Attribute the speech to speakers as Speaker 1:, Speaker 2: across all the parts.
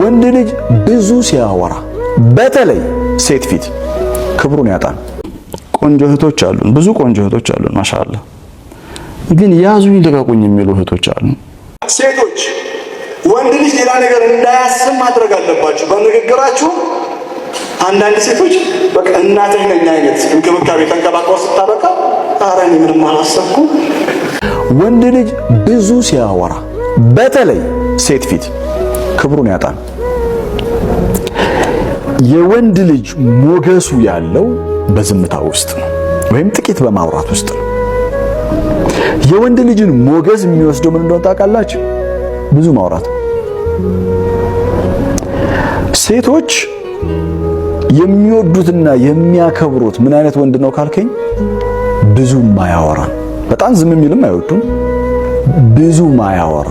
Speaker 1: ወንድ ልጅ ብዙ ሲያወራ በተለይ ሴት ፊት ክብሩን ያጣ ቆንጆ እህቶች አሉን፣ ብዙ ቆንጆ እህቶች አሉን። ማሻአላ ግን ያዙኝ ልቀቁኝ የሚሉ እህቶች አሉ።
Speaker 2: ሴቶች ወንድ ልጅ ሌላ ነገር እንዳያስብ ማድረግ አለባችሁ በንግግራችሁ። አንዳንድ ሴቶች በቃ እናትህ ነኝ አይነት እንክብካቤ ተንከባክባ ስታበቃ ኧረ እኔ ምንም አላሰብኩም።
Speaker 1: ወንድ ልጅ ብዙ ሲያወራ በተለይ ሴት ፊት ክብሩን ያጣል። የወንድ ልጅ ሞገሱ ያለው በዝምታ ውስጥ ነው፣ ወይም ጥቂት በማውራት ውስጥ ነው። የወንድ ልጅን ሞገስ የሚወስደው ምን እንደሆነ ታውቃላችሁ? ብዙ ማውራት። ሴቶች የሚወዱትና የሚያከብሩት ምን አይነት ወንድ ነው ካልከኝ፣ ብዙ ማያወራ፣ በጣም ዝም የሚልም አይወዱም፣ ብዙ ማያወራ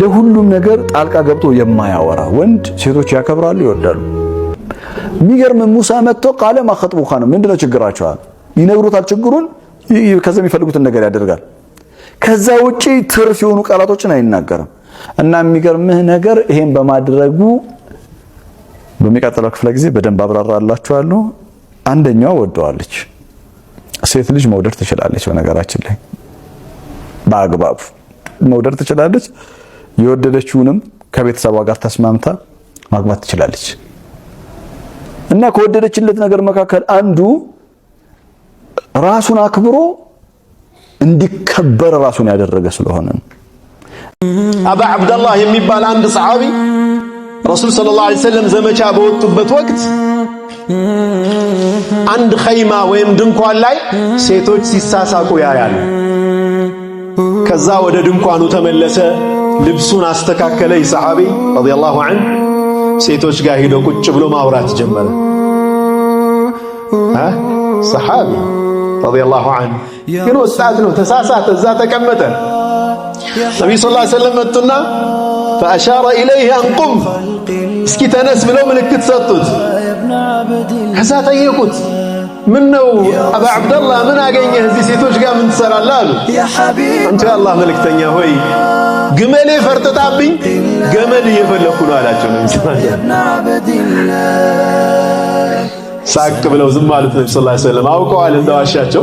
Speaker 1: ለሁሉም ነገር ጣልቃ ገብቶ የማያወራ ወንድ ሴቶች ያከብራሉ፣ ይወዳሉ። የሚገርም ሙሳ መጥቶ ቃለ ማኸጥቡ ኻነ ምንድነው ችግራቸዋል? ይነግሩታል ችግሩን፣ ከዛ የሚፈልጉትን ነገር ያደርጋል። ከዛ ውጪ ትርፍ የሆኑ ቃላቶችን አይናገርም። እና የሚገርምህ ነገር ይሄን በማድረጉ በሚቀጥለው ክፍለ ጊዜ በደንብ አብራራላችኋለሁ። አንደኛዋ ወደዋለች። ሴት ልጅ መውደድ ትችላለች። በነገራችን ላይ በአግባቡ መውደድ ትችላለች። የወደደችውንም ከቤተሰቧ ጋር ተስማምታ ማግባት ትችላለች። እና ከወደደችለት ነገር መካከል አንዱ ራሱን አክብሮ እንዲከበር ራሱን ያደረገ ስለሆነ
Speaker 2: አባ አብደላህ የሚባል አንድ ሰሐቢ ረሱል ሰለላሁ ዐለይሂ ወሰለም ዘመቻ በወጡበት ወቅት አንድ ኸይማ ወይም ድንኳን ላይ ሴቶች ሲሳሳቁ ያያሉ። ከዛ ወደ ድንኳኑ ተመለሰ። ልብሱን አስተካከለ። ይሰሐቢ ረዲየላሁ ዐንሁ ሴቶች ጋር ሄዶ ቁጭ ብሎ ማውራት ጀመረ። ሰሐቢ ረዲየላሁ ዐንሁ ግን ወጣት ነው፣ ተሳሳተ፣ እዛ ተቀመጠ። ነቢዩ ሰለላሁ ዐለይሂ ወሰለም መጡና ፈአሻረ ኢለይህ አንቁም፣ እስኪ ተነስ ብለው ምልክት ሰጡት። ከዛ ጠየቁት ምን ነው አባ ዐብደላህ ምን አገኘህ? እዚህ ሴቶች ጋር ምን ትሰራለህ? አሉ። አንተ የአላህ መልእክተኛ ሆይ ግመሌ ፈርጥጣብኝ ገመድ እየፈለኩ ነው አላቸው። ነው ሳቅ ብለው ዝም ማለት ነብዩ ሰለላሁ ዐለይሂ ወሰለም አውቀዋል እንደዋሻቸው።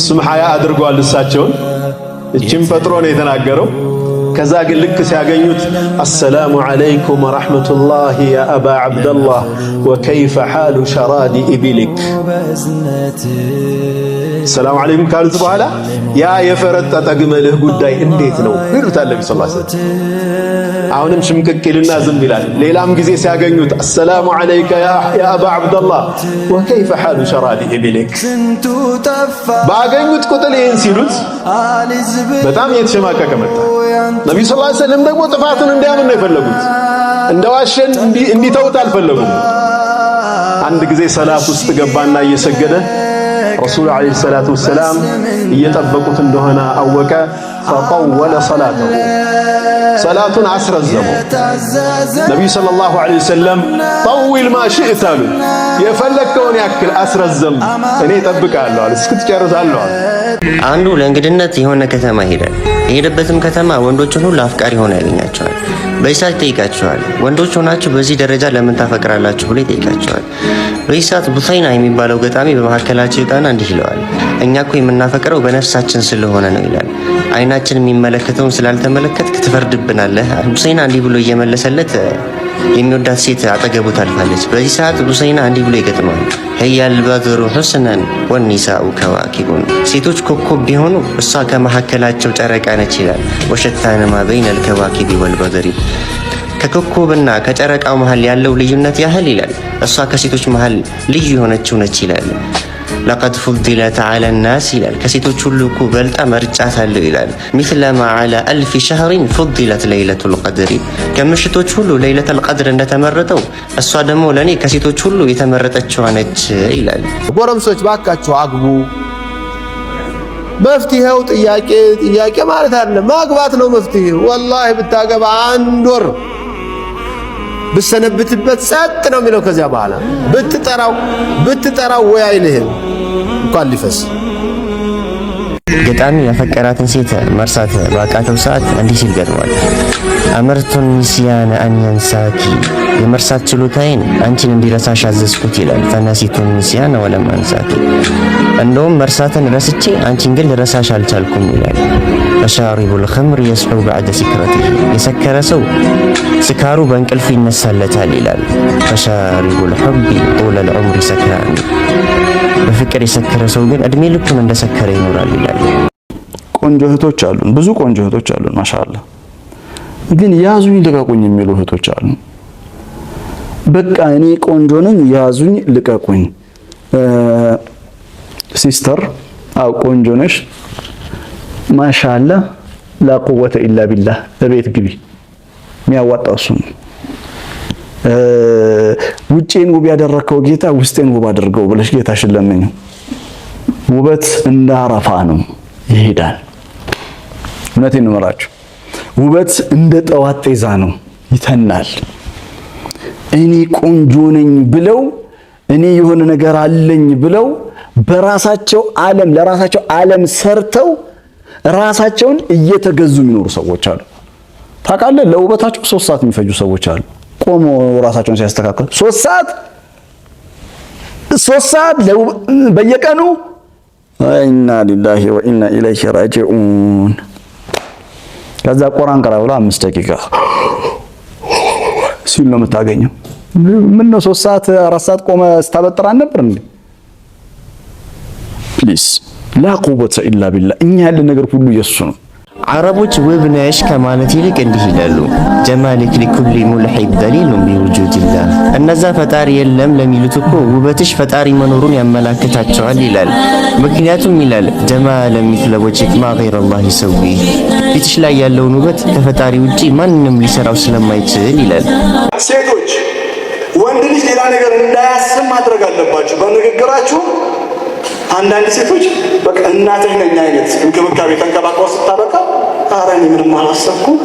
Speaker 2: እሱም ሀያ አድርጓል እሳቸውን። እቺም ፈጥሮ ነው የተናገረው። ከዛ ግን ልክ ሲያገኙት አሰላሙ ዓለይኩም ወራሕመቱላህ ያ አባ ዓብደላህ ወከይፈ ሓሉ ሸራዲ ኢብሊክ ሰላም አለይኩም ካሉት በኋላ ያ የፈረጠጠ ግመልህ ጉዳይ እንዴት ነው ይሉታል ነብዩ ሰለላሁ ዐለይሂ ወሰለም። አሁንም ዝም ይላል። ሌላም ጊዜ ሲያገኙት አሰላሙ አለይከ ያ አባ ወከይፈ ሐሉ ሸራዲህ ቢለክ ባገኙት ቁጥር ይህን ሲሉት በጣም እየተሸማቀቀ መጣ። ነብዩ ሰለላሁ ዐለይሂ ደግሞ ጥፋቱን እንዲያምን ነው የፈለጉት። እንደዋሸን እንዲተውት አልፈለጉም። አንድ ጊዜ ሰላት ውስጥ ገባና እየሰገደ ረሱሉ ዓለይሂ ሰላቱ ወሰላም እየጠበቁት እንደሆነ አወቀ። ፈጠወለ ሰላተሁ ሰላቱን አስረዘመው። ነቢዩ ሰለላሁ ዓለይሂ ወሰለም ጠዊል ማሽእት አሉ። የፈለግከውን ያክል አስረዘም፣ እኔ እጠብቃለሁ አሉ። እስክትጨርሳለሁ አሉ።
Speaker 3: አንዱ ለእንግድነት የሆነ ከተማ ሄደ። የሄደበትም ከተማ ወንዶችን ሁሉ አፍቃሪ ሆኖ ያገኛቸዋል። በዚህ ይጠይቃቸዋል። ወንዶች ሆናችሁ በዚህ ደረጃ ለምን ታፈቅራላችሁ ብሎ ይጠይቃቸዋል። በዚህ ሰዓት ቡሳይና የሚባለው ገጣሚ በመካከላቸው ጣና እንዲህ ይለዋል። እኛ እኮ የምናፈቅረው በነፍሳችን ስለሆነ ነው ይላል። አይናችን የሚመለከተውን ስላልተመለከትክ ትፈርድብናለህ። ቡሳይና እንዲህ ብሎ እየመለሰለት የሚወዳት ሴት አጠገቡ ታልፋለች። በዚህ ሰዓት ቡሳይና እንዲህ ብሎ ይገጥመዋል። ህያል በድሩ ሑስነን ወኒሳኡ ከዋኪቡን ሴቶች ኮከብ ቢሆኑ እሷ ከመካከላቸው ጨረቃ ነች ይላል። ወሸታንማ በይነል ከዋኪቢ ወልበድሪ ከኮከብና ከጨረቃው መሃል ያለው ልዩነት ያህል ይላል። እሷ ከሴቶች መሃል ልዩ የሆነችው ነች ይላል። ለቀድ ፉዲለት ዐለ ናስ ይላል። ከሴቶች ሁሉ እኮ በልጣ መርጫታለሁ ይላል። ሚትለማ ዐለ አልፊ ሸህሪን ፉዲለት ለይለቱል ቀድሪ ከምሽቶች ሁሉ ለይለቱል ቀድር እንደተመረጠው እሷ ደግሞ ለእኔ ከሴቶች ሁሉ የተመረጠችዋ ነች ይላል።
Speaker 2: ጎረምሶች ባካችሁ አግቡ። መፍትሄው ጥያቄ ጥያቄ ማለት አለ ማግባት ነው መፍትሄው። ወላሂ ብታገባ አንድ ወር ብሰነብትበት ጸጥ ነው የሚለው። ከዚያ በኋላ ብትጠራው ብትጠራው ወይ አይልህም። እንኳን ሊፈስ
Speaker 3: ገጣሚ ያፈቀራትን ሴት መርሳት ባቃተው ሰዓት እንዲህ ሲል ገጥሟል። አመርቱን ሚስያን አንያን ሳኪ የመርሳት ችሎታዬን አንቺን እንዲረሳሽ አዘዝኩት ይላል። ፈነሲቱን ሚስያን ወለም አንሳኪ እንደውም መርሳትን ረስቼ አንቺን ግን ልረሳሽ አልቻልኩም ይላል። ፈሻሪቡል ኸምር የስሑ በዕደ ሲክረቲ የሰከረ ሰው ስካሩ በእንቅልፍ ይነሳለታል ይላል። ፈሻሪቡል ሑቢ ጡለል ዑምሪ ሰክራን በፍቅር የሰከረ ሰው ግን እድሜ ልኩን እንደሰከረ ይኖራል ይላል።
Speaker 1: ቆንጆ እህቶች አሉን፣ ብዙ ቆንጆ እህቶች አሉን። ማሻአላ ግን ያዙኝ ልቀቁኝ የሚሉ እህቶች አሉ። በቃ እኔ ቆንጆ ነኝ ያዙኝ ልቀቁኝ። ሲስተር አው ቆንጆ ነሽ ማሻአላ ላ ቁወተ ኢላ ቢላህ እቤት ግቢ የሚያዋጣው እሱ ነው። ውጭን ውብ ያደረከው ጌታ ውስጤን ውብ አድርገው ብለሽ ጌታሽን ለምኚው። ውበት እንደ አረፋ ነው ይሄዳል። እውነቴን እምራችሁ ውበት እንደ ጠዋት ጤዛ ነው ይተናል። እኔ ቆንጆ ነኝ ብለው እኔ የሆነ ነገር አለኝ ብለው በራሳቸው ዓለም ለራሳቸው ዓለም ሰርተው ራሳቸውን እየተገዙ የሚኖሩ ሰዎች አሉ። ታውቃለህ፣ ለውበታቸው ሶስት ሰዓት የሚፈጁ ሰዎች አሉ። ቆሞ ራሳቸውን ሲያስተካክሉ ሶስት ሰዓት ሶስት ሰዓት በየቀኑ ኢና ሊላሂ ወኢና ኢለይሂ ራጂኡን። ከዛ ቁርአን ቀራ ብሎ አምስት ደቂቃ ሲል ነው የምታገኘው። ምን ነው ሶስት ሰዓት አራት ሰዓት ቆመ ስታበጥር አልነበር እንዴ? ፕሊስ ላ ቁወተ ኢላ ቢላህ። እኛ ያለን ነገር ሁሉ የሱ ነው።
Speaker 3: አረቦች ውብ ነሽ ከማለት ይልቅ እንዲህ ይላሉ፣ ጀማሊክ ሊኩሊ ሙልሒብ ደሊሉን ቢውጁድላህ። እነዛ ፈጣሪ የለም ለሚሉት እኮ ውበትሽ ፈጣሪ መኖሩን ያመላክታቸዋል ይላል። ምክንያቱም ይላል ጀማለ ሚስለ ወጅህ ማ ገይረላህ ይሰዊ፣ ፊትሽ ላይ ያለውን ውበት ከፈጣሪ ውጪ ማንም ሊሰራው ስለማይችል ይላል።
Speaker 2: ሴቶች ወንድ ልጅ ሌላ ነገር እንዳያስብ ማድረግ አለባችሁ በንግግራችሁ አንዳንድ ሴቶች በቃ እናትህ ነኝ አይነት እንክብካቤ ተንከባክባ ስታበቃ ኧረ እኔ ምንም አላሰብኩም።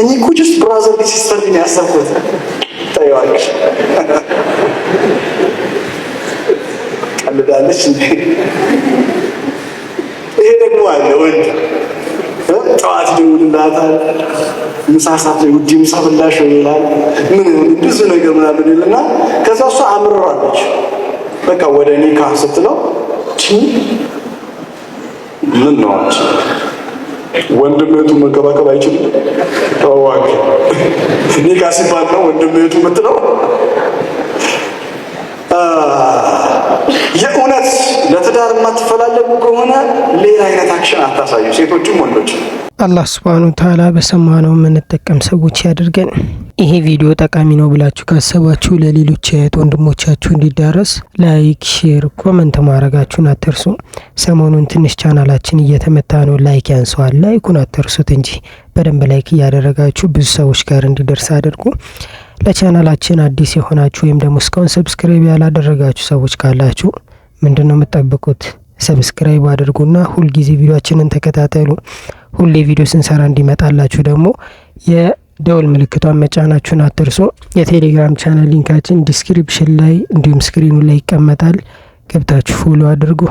Speaker 2: እኔ እኮ ጀስት ብራዘር ሲስተር ነው ያሰብኩት። ታየዋለሽ፣ ቀልዳለች። ይሄ ደግሞ አለ ወንድ ጠዋት ደውልላታል፣ ምሳ ሰዓት ላይ ውድ ምሳ ብላሽ ይላል። ምን ብዙ ነገር ምናምን ይልና ከዛ እሷ አምርራለች። በቃ ወደ እኔ ካህ ስትለው ምን ነው አንቺ ወንድም እህቱን መንከባከብ አይችልም? ተዋዋክ እኔ ጋር ሲባል ነው ወንድም እህቱ የምትለው ጋር የማትፈላለጉ ከሆነ ሌላ አይነት አክሽን አታሳዩ፣ ሴቶችም ወንዶች።
Speaker 4: አላህ ስብሃነ ተዓላ በሰማነው የምንጠቀም ሰዎች ያድርገን። ይሄ ቪዲዮ ጠቃሚ ነው ብላችሁ ካሰባችሁ ለሌሎች እህት ወንድሞቻችሁ እንዲዳረስ ላይክ፣ ሼር፣ ኮመንት ማድረጋችሁን አትርሱ። ሰሞኑን ትንሽ ቻናላችን እየተመታ ነው፣ ላይክ ያንሰዋል። ላይኩን አትርሱት እንጂ በደንብ ላይክ እያደረጋችሁ ብዙ ሰዎች ጋር እንዲደርስ አድርጉ። ለቻናላችን አዲስ የሆናችሁ ወይም ደግሞ እስካሁን ሰብስክራይብ ያላደረጋችሁ ሰዎች ካላችሁ ምንድን ነው የምጠብቁት? ሰብስክራይብ አድርጉና ሁልጊዜ ቪዲዮችንን ተከታተሉ። ሁሌ ቪዲዮ ስንሰራ እንዲመጣላችሁ ደግሞ የደወል ምልክቷን መጫናችሁን አትርሱ። የቴሌግራም ቻናል ሊንካችን ዲስክሪፕሽን ላይ እንዲሁም ስክሪኑ ላይ ይቀመጣል። ገብታችሁ ፎሎ አድርጉ።